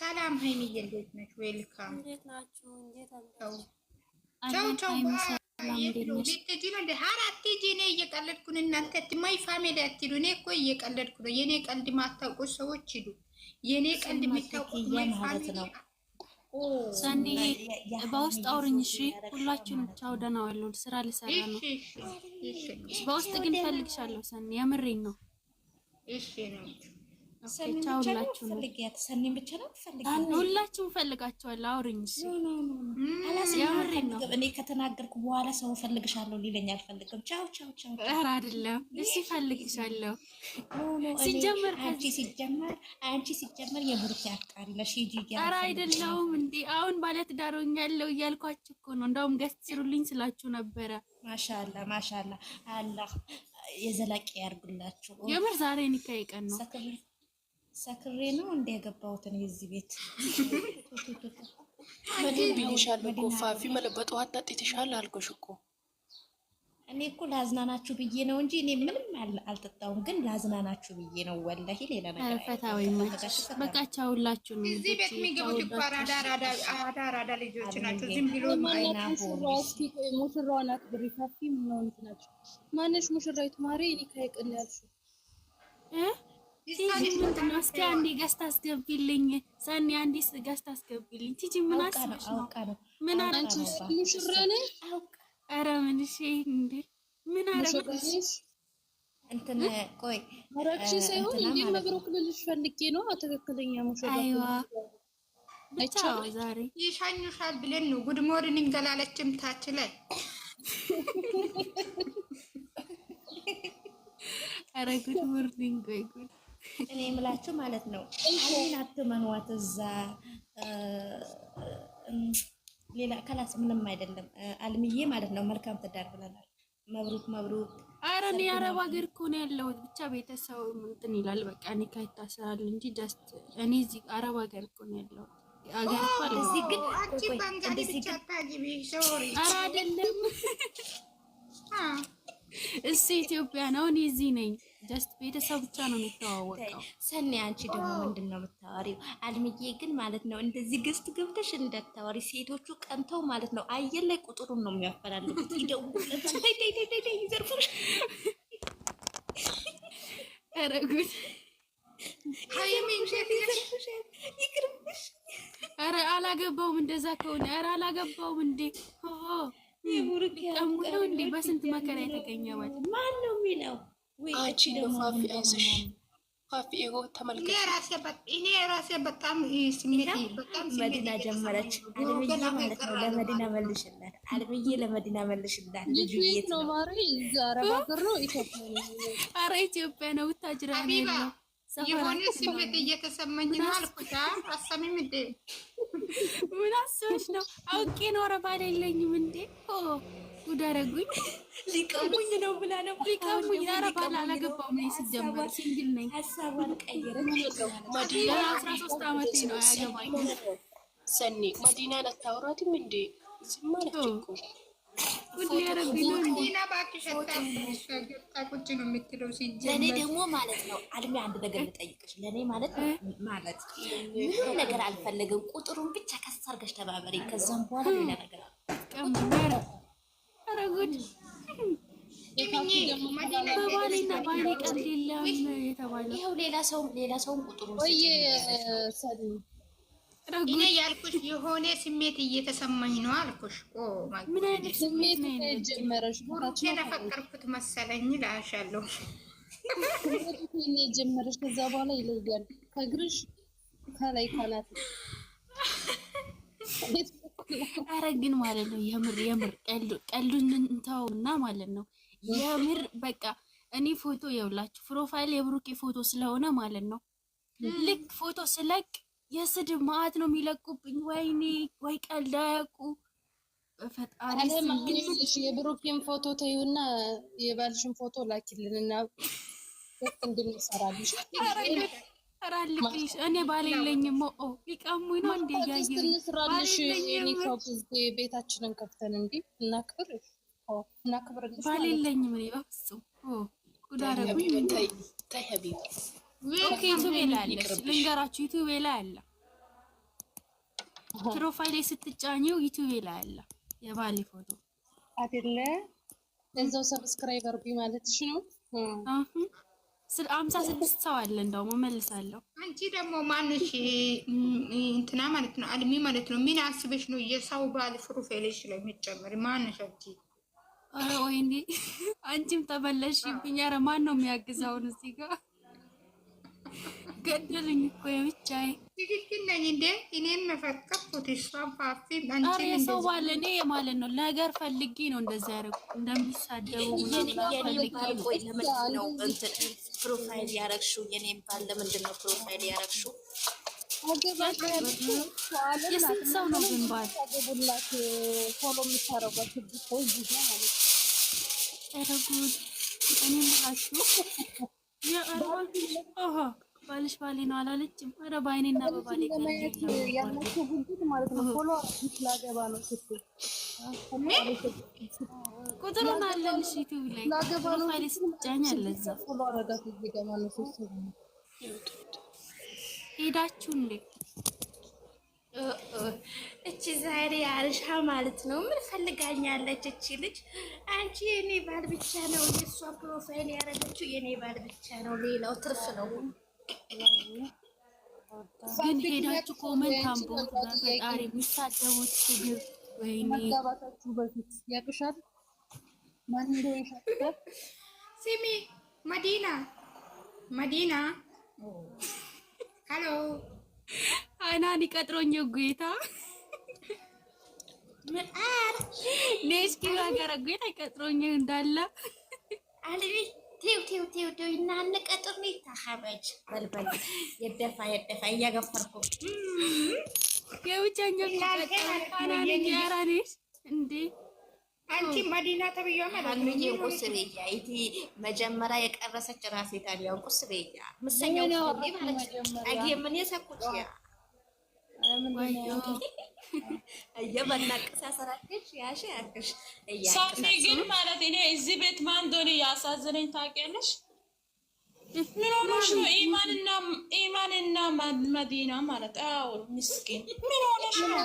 ሰላም ሀይሚዬ፣ እንዴት ነሽ? ዌልካም አራት ጂ እኔ እየቀለድኩ ነው። እናንተ ማይ ፋሚሊ አትሉ። እኔ እኮ እየቀለድኩ ነው። የእኔ ቀልድ ሰዎች ሂዱ። የእኔ ቀልድ ማይ ፋሚሊ ሰኒ በውስጥ አውርኝ። እሺ ሁላችሁንም ቻው፣ ደህና ዋሉ። ስራ ልሰራ ነው። በውስጥ ግን ፈልግሻለሁ ሰኒ፣ የምሬን ነው። ሁላችሁም ፈልጋችኋል። አውሪኝ እኔ ከተናገርኩ በኋላ ሰው ፈልግሻለሁ ሊለኝ አልፈልግም። ቻው ቻው ቻው። ኧረ አይደለም እሺ፣ ፈልግሻለሁ ሲጀመር አንቺ ሲጀመር አንቺ ሲጀመር የብሩክ ያቃል ለሺጂ ያ ኧረ አይደለሁም እንዴ አሁን ባለትዳር ሆኛለሁ እያልኳችሁ እኮ ነው። እንደውም ገስት ሲሩልኝ ስላችሁ ነበረ። ማሻአላ ማሻአላ አላህ የዘላቂ ያርግላችሁ። የምር ዛሬ ኒካ ይቀን ነው ሰክሬ ነው እንደ የገባሁትን የዚህ ቤት መዲን ቢልሻል እኮ ፋፊ መለበጥ ውሃ ጠጥተሻል አልኩሽ እኮ። እኔ እኮ ላዝናናችሁ ብዬ ነው እንጂ እኔ ምንም አልጠጣውም፣ ግን ላዝናናችሁ ብዬ ነው። ወላሂ ሌላ ነገር ፈታዊ በቃቸው። ሁላችሁ እዚህ ቤት የሚገቡት እኮ አራዳ አራዳ ልጆች ናቸው። ዝም ብሎ ሙሽራዋ ናት ብሪ ፋፊ ምናሆኑት ናቸው። ማነሽ ሙሽራዊት ማሪ እኔ ካይቅን ያልሽው እስኪ አንዴ ገዝታ አስገቢልኝ ሰኒ፣ አንዴ ገዝታ አስገቢልኝ ቲጂ። ምን አስበሽ ነው? ምን አረግሽ? ኧረ ምን እሺ፣ እንደ ምን አረግሽ? እንትን ቆይ አረግሽ ሳይሆን እንዴት መብሮክ ልልሽ ፈልጌ ነው። ትክክለኛ ሙሽራ አይዋ ብቻ ዛሬ ይሻኙሻል ብለን ነው። ጉድ ሞርኒንግ ገላለችም ታች ላይ አረ ጉድ ሞርኒንግ ወይ ጉድ እኔ የምላችሁ ማለት ነው። አሊን አትመኗት። እዛ ሌላ ከላስ ምንም አይደለም። አልምዬ ማለት ነው። መልካም ትዳር ብለናል። መብሩክ መብሩክ። አረ እኔ አረብ ሀገር እኮ ነው ያለሁት። ብቻ ቤተሰብ እንትን ይላል። በቃ እኔ ካይታሰራል እንጂ ጀስት እኔ እዚህ አረብ ሀገር እኮ ነው ያለሁት። አገር አይደለም እሱ ኢትዮጵያ ነው፣ እኔ እዚህ ነኝ። ጀስት ቤተሰብ ብቻ ነው የሚተዋወቀው። ሰኔ አንቺ ደግሞ ምንድን ነው የምታወሪው? አልምዬ ግን ማለት ነው እንደዚህ ግስት ገብተሽ እንዳታወሪ። ሴቶቹ ቀንተው ማለት ነው አየር ላይ ቁጥሩን ነው የሚያፈላልጉት። ይደውለታል፣ ይዘርፉሽ። ኧረ ጉድ! ኧረ አላገባውም እንደዛ ከሆነ ኧረ አላገባውም እንዴ በስንት መከራ የተገኘ ማን ነው የሚለው? አንቺ ፋፊ አይዞሽ፣ ፋፊ ተመልከት። እኔ ራሴ በጣም ስሜት በጣም መዲና ጀመረች። አልምዬ ማለት ነው። ለመዲና መልሽላት፣ አልምዬ ለመዲና መልሽላት። ልጁ የት ነው? ኧረ ኢትዮጵያ ነው። የሆነ ስሜት እየተሰማኝ ነው አልኩት። አሰሚም እንዴ ምን አስበሽ ነው? አውቄ ነው። ኧረ ባል የለኝም እንዴ ጉድ ሊቀሙኝ ነው ብላ ነው ሊቀሙኝ። ኧረ ባል አላገባሁም እኔ ስጀምር ሲንግል ነኝ። ሀሳቧን ቀይረን አስራ ሶስት አመቴ ነው። አያገባኝ ሰኔ መዲና አታወራትም እንዴ ዝም አለች እኮ ለእኔ ደግሞ ማለት ነው አልሚ አንድ ነገር ልጠይቅሽ። ለእኔ ማለት ማለት ምንም ነገር አልፈለግም። ቁጥሩን ብቻ ከስ አድርገሽ ተባበሪ። ከዛም በኋላ ሌላ ነገር ሌላ ሰውም ቁጥሩን እኔ ያልኩሽ የሆነ ስሜት እየተሰማኝ ነው አልኩሽ። ኦ ምን አይነት ስሜት ጀመረሽ? ተፈቀርኩት መሰለኝ ላሻለሁ ጀመረሽ። ከዛ በኋላ ይለያል ከእግርሽ ከላይ ካላት ኧረ ግን ማለት ነው የምር የምር ቀልዱን እንተውና ማለት ነው የምር በቃ እኔ ፎቶ የውላችሁ ፕሮፋይል የብሩኬ ፎቶ ስለሆነ ማለት ነው ልክ ፎቶ ስለቅ የስድብ ማዕት ነው የሚለቁብኝ። ወይኔ ወይ ቀልድ አያውቁ ፈጣሪ። የብሩኬን ፎቶ ተዩና የባልሽን ፎቶ ላኪልንና እንድንሰራልሽ ራልቅሽ እኔ ባል የለኝም። ኦ ሊቀሙኝ ነው እንዴ? ያየንስራልሽ ቤታችንን ከፍተን እንዲ እናክብር እናክብር። ባል የለኝም እኔ በፍጹም ጉዳረጉኝ ታይ ሀቢብ ዩቱቤ ላይ አለች፣ ልንገራችሁ። ዩቱቤ ላይ አለ። ፕሮፋይሌ ስትጫኘው ዩቱቤ ላይ አለ የባሌ ፎቶ አይደለ? እዛው ሰብስክራይበር ቢ ማለት ነው። አምሳ ስድስት ሰው አለ። እንደውም እመልሳለሁ። አንቺ ደግሞ ማንሽ እንትና ማለት ነው አልሚ ማለት ነው። ምን አስበሽ ነው የሰው ባል ፕሮፋይልሽ ላይ የሚጨመር ማንሽ? አንቺ ወይኔ አንቺም ተበለሽብኝ። ኧረ ማን ነው የሚያግዘውን እዚህ ጋር ገደሉኝ እኮ የብቻዬ። ትክክል ነኝ እንዴ? እኔም መፈርቀኩት እሷን ፓርቲ ሰው ባለ እኔ ማለት ነው ነገር ፈልጌ ነው እንደዛ ያደረጉ እንደሚሳደቡ ነው። ፕሮፋይል ያረግሽው የኔም ባል ለምንድን ነው ፕሮፋይል ያረግሽው? የስንት ሰው ነው ግን ባል ቶሎ የሚታረጓት ረጉድ እኔ ምላችሁ የአርባ ባልሽ ባሌ ነው አላለችም? ኧረ በዓይኔና በባሌ ያላቸው ጉጉት ማለት ነው። ፎሎ ላገባ ነው ስትል ሄዳችሁ እንዴ እቺ ዛሬ አልሻ ማለት ነው። ምን ፈልጋኛለች እቺ ልጅ? አንቺ የኔ ባል ብቻ ነው የእሷ ፕሮፋይል ያደረገችው የኔ ባል ብቻ ነው፣ ሌላው ትርፍ ነው። ግን ሄዳችሁ ኮመንት አንብቡት። በፈጣሪ የሚሳደቡት ስድብ ወይኔ መጋባታችሁ በፊት ያቅሻል። ማን ይሻል? ስሚ መዲና መዲና፣ ሄሎ አናኒ ቀጥሮኝ ጌታ ነስኪ ሀገረ ጌታ ቀጥሮኝ እንዳለ አልቢ ቲው ቲው ቲው ዲው እናንቀጥም ተኸበጅ በልበል የደፋ የደፋ እያገፈርኩ መጀመሪያ የቀረሰች ራሴ ታዲያ እንቁስ በያ ምሰኛው ምን ያሰኩት ያ ሰፊ ግን ማለት እኔ እዚህ ቤት ማን እንደሆነ ያሳዝነኝ ታውቂያለሽ? ምን ሆነሽ ነው? ኢማንና መዲና ማለት አዎ፣ ምስኪን ምን ሆነሽ ነው?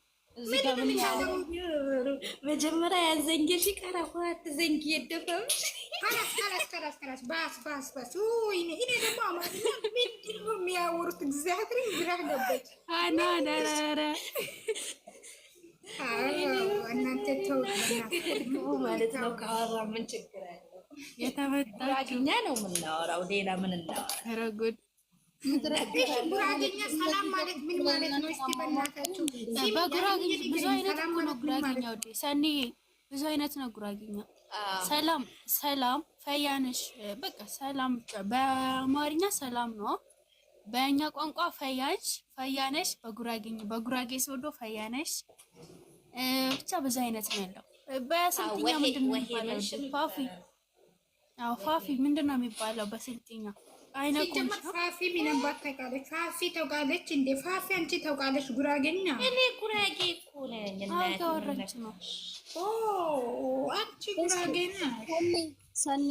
መጀመሪያ ያዘንጌሽ ቀረ ኋት ዘንጌ የደፈምሽ የሚያወሩት እግዚአብሔር ግራ ገባች። እናንተ ተው ማለት ነው። ከአራ ምን ችግር አለው? የተመጣ ነው የምናወራው ሌላ ምን እናወራ? ኧረ ጉራጌኛ ሰላም ማለት ምን ማለት ነው? እስኪ በእናታችሁ በጉራጌኛ ብዙ አይነት ነው። ጉራጌኛ ወዴ ሰኒ ብዙ አይነት ነው። ጉራጌኛ ሰላም ሰላም፣ ፈያነሽ በቃ ሰላም በአማርኛ ሰላም ነው። በእኛ ቋንቋ ፈያንሽ፣ ፈያነሽ በጉራጌኛ በጉራጌ ሶዶ ፈያነሽ ብቻ ብዙ አይነት ነው ያለው። በስልጥኛ ምንድን ነው የሚባለው? ፋፊ አዎ ፋፊ ምንድን ነው የሚባለው በስልጥኛ ፋፊ ሚነባት ታውቃለች። ፋፊ ታውቃለች እንዴ? ፋፊ አንቺ ታውቃለች? ጉራጌኛ እኔ ጉራጌ እኮ ነኝ። አወራች ነው አንቺ ጉራጌና ሰኒ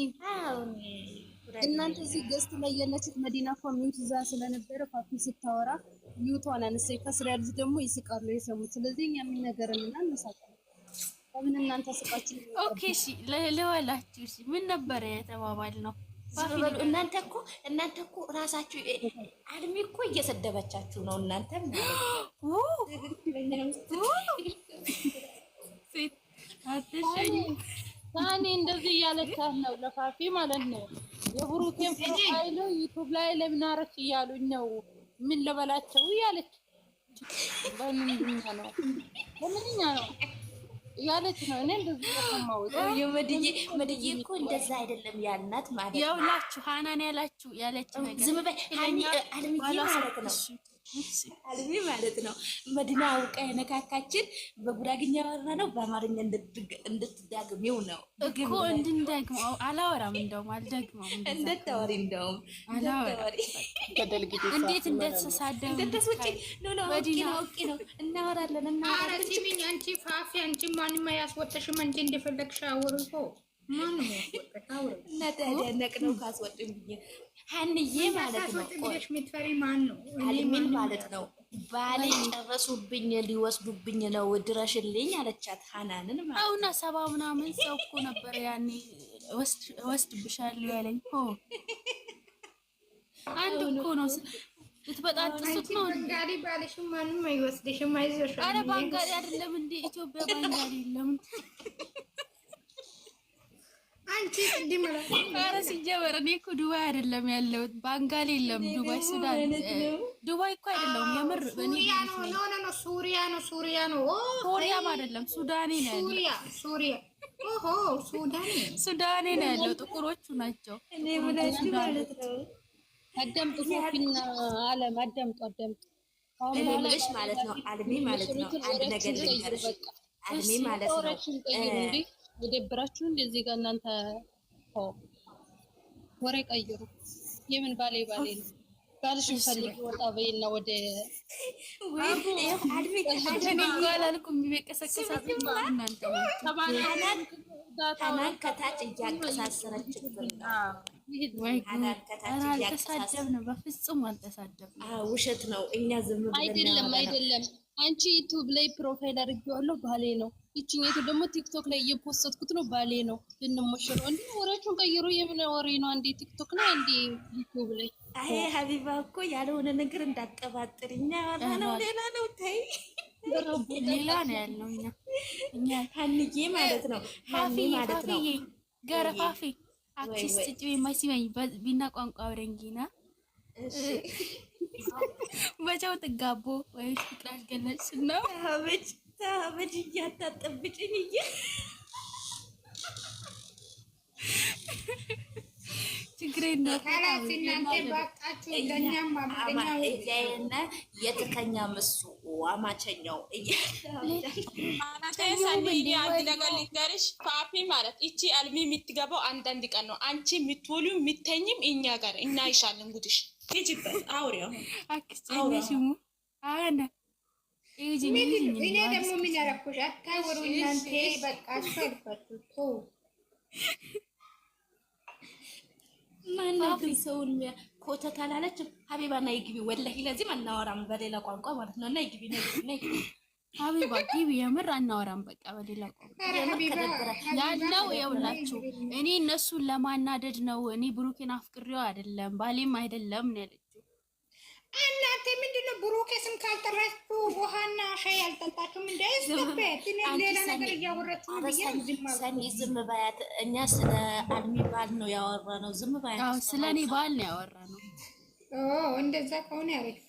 እናንተ እዚህ ገዝት ላይ ያለችት መዲና እኮ ሚውት ይዛ ስለነበረ ፓፒ ስታወራ ሚውቷን አነሳይ ከስራ ያሉት ደግሞ ይስቃሉ የሰሙት። ስለዚህ እኛ የሚነገረን እና እንሳቃለን። ለምን እናንተ ስቃችን? ኦኬ እሺ፣ ለወላችሁ ምን ነበረ የተባባል ነው እናንተ እኮ እናንተ እኮ ራሳችሁ አድሜ እኮ እየሰደበቻችሁ ነው። እናንተ ሳኔ እንደዚህ እያለቻት ነው ለፋፊ ማለት ነው። የብሩኬን ፕሮፋይል ዩቱብ ላይ ለምን አረግሽ እያሉኝ ነው። ምን ልበላቸው እያለች በምንኛ ነው በምንኛ ነው ያለች ነው። እኔ እንደዚህ ተሰማሁት። የመድዬ መድዬ እኮ እንደዛ አይደለም ያልናት ማለት ነው። ያውላችሁ ሃናን ያላችሁ ያለች ነገር ዝም በይ ሃኒ አለምዬ ማለት ነው አልሚ ማለት ነው። መዲና አውቃ የነካካችን በጉራግኛ ያወራ ነው። በአማርኛ እንድትዳግሚው ነው እኮ እንድንደግመው። አላወራም፣ እንደውም አልደግመውም። እንደተወሪ እንደውም እንዴት እንደተሳደብ እንደተስውጪ ነው ነው አውቂ ነው አውቂ ነው። እናወራለን። እና አረ ሲሚኝ አንቺ ፋፊ አንቺ ማንም ያስወጣሽም አንቺ እንደፈለግሽ አወሩ እኮ እና ታዲያ ነቅነው ካስወጡኝ ብዬ ሀንዬ ማለት ነው አልሚን ማለት ነው ባሌ ጨረሱብኝ ሊወስዱብኝ ነው ድረሽልኝ አለቻት። ሀናንን ማለት ነው እና ሰባ ምናምን ሰው እኮ ነበር ያኔ እወስድብሻለሁ ያለኝ እኮ አንድ እኮ ነው። ልትበጣጥሱት ነው። ባንጋሊ ባልሽም ማንም አይወስድሽም፣ አይዞሽ። ኧረ ባንጋሊ አይደለም እንደ ኢትዮጵያ ባንጋሊ የለም ኧረ ሲጀመር እኔ እኮ ዱባይ አይደለም ያለሁት፣ ባንጋሊ የለም ዱባይ፣ ሱዳን ዱባይ እኮ አይደለም የምር ሱሪያ ነው። ሱሪያ ነው፣ ኮሪያም አይደለም ሱዳኔ ነው ያለሁት። ሱዳኔ ነው ያለው፣ ጥቁሮቹ ናቸው። አዳምጡ ፊና አለም አዳምጡ፣ አዳምጡ ልሽ ማለት ነው። አልሚ ማለት ነው። አንድ ነገር ልንገርሽ፣ አልሚ ማለት ነው የደብራችሁ እንደዚህ ጋር እናንተ ወሬ ቀይሩ። የምን ባሌ ባሌ ነው ባልሽ ወጣ በይና ወደ ውሸት ነው። እኛ ዝም ብለን አይደለም አይደለም። አንቺ ዩቱብ ላይ ፕሮፋይል አድርጌዋለሁ ባሌ ነው ይችኛቱ ደግሞ ቲክቶክ ላይ እየፖስተትኩት ነው። ባሌ ነው ብንሞሽረው እንዲ ወሬያቸውን ቀይሮ የምን ወሬ ነው? አንዴ ቲክቶክ ላይ አንዴ ዩቱብ ላይ አይ ሀቢባ እኮ ያልሆነ ነገር እንዳቀባጥር እኛ ያወራ ነው ሌላ ነው። ተይ ሌላ ነው ያለው እኛ እኛ ሀኒዬ ማለት ነው ሀፊ ማለት ነው ገረፋፊ አክሲስት ጭ ማሲመኝ ቢና ቋንቋ አብረንጊና በጫው ጥጋቦ ወይ ፍቅራሽ ገለጽ ነው ታበድ እያታጠብጭኝ እየ ችግሬን ነው። እያየነ የትከኛም እሱ አማቸኛው አንድ ፓፒ ማለት እቺ አልሚ የምትገባው አንዳንድ ቀን ነው። አንቺ የምትውሉ የምተኝም እኛ ጋር እና ይሻለን ጉድሽ እኔ ደግሞ ምን ያደረኩሽ? አታወሩ እናንተ በቃ ማናትን ሰውን ኮተት አላለችም። ሀቢባ ና ይግቢ፣ ወላሂ ለዚህ አናወራም በሌላ ቋንቋ ማለት ነው። እና ይግቢ ሀቢባ ግቢ፣ የምር አናወራም በቃ በሌላ ቋንቋ ያለው የውላችሁ። እኔ እነሱን ለማናደድ ነው። እኔ ብሩኬን አፍቅሬው አይደለም ባሌም አይደለም ነው ያለችው እናንተ ምንድን ነው ብሩኬ ስም ካልጠራችሁ ውሃና ሻይ አልጠጣችሁም? እንደ ሌላ ነገር ዝም እኛ ስለ አልሚ ባል ነው ያወራነው። ዝም ስለ እኔ ባል ነው እንደዛ ከሆነ ያለች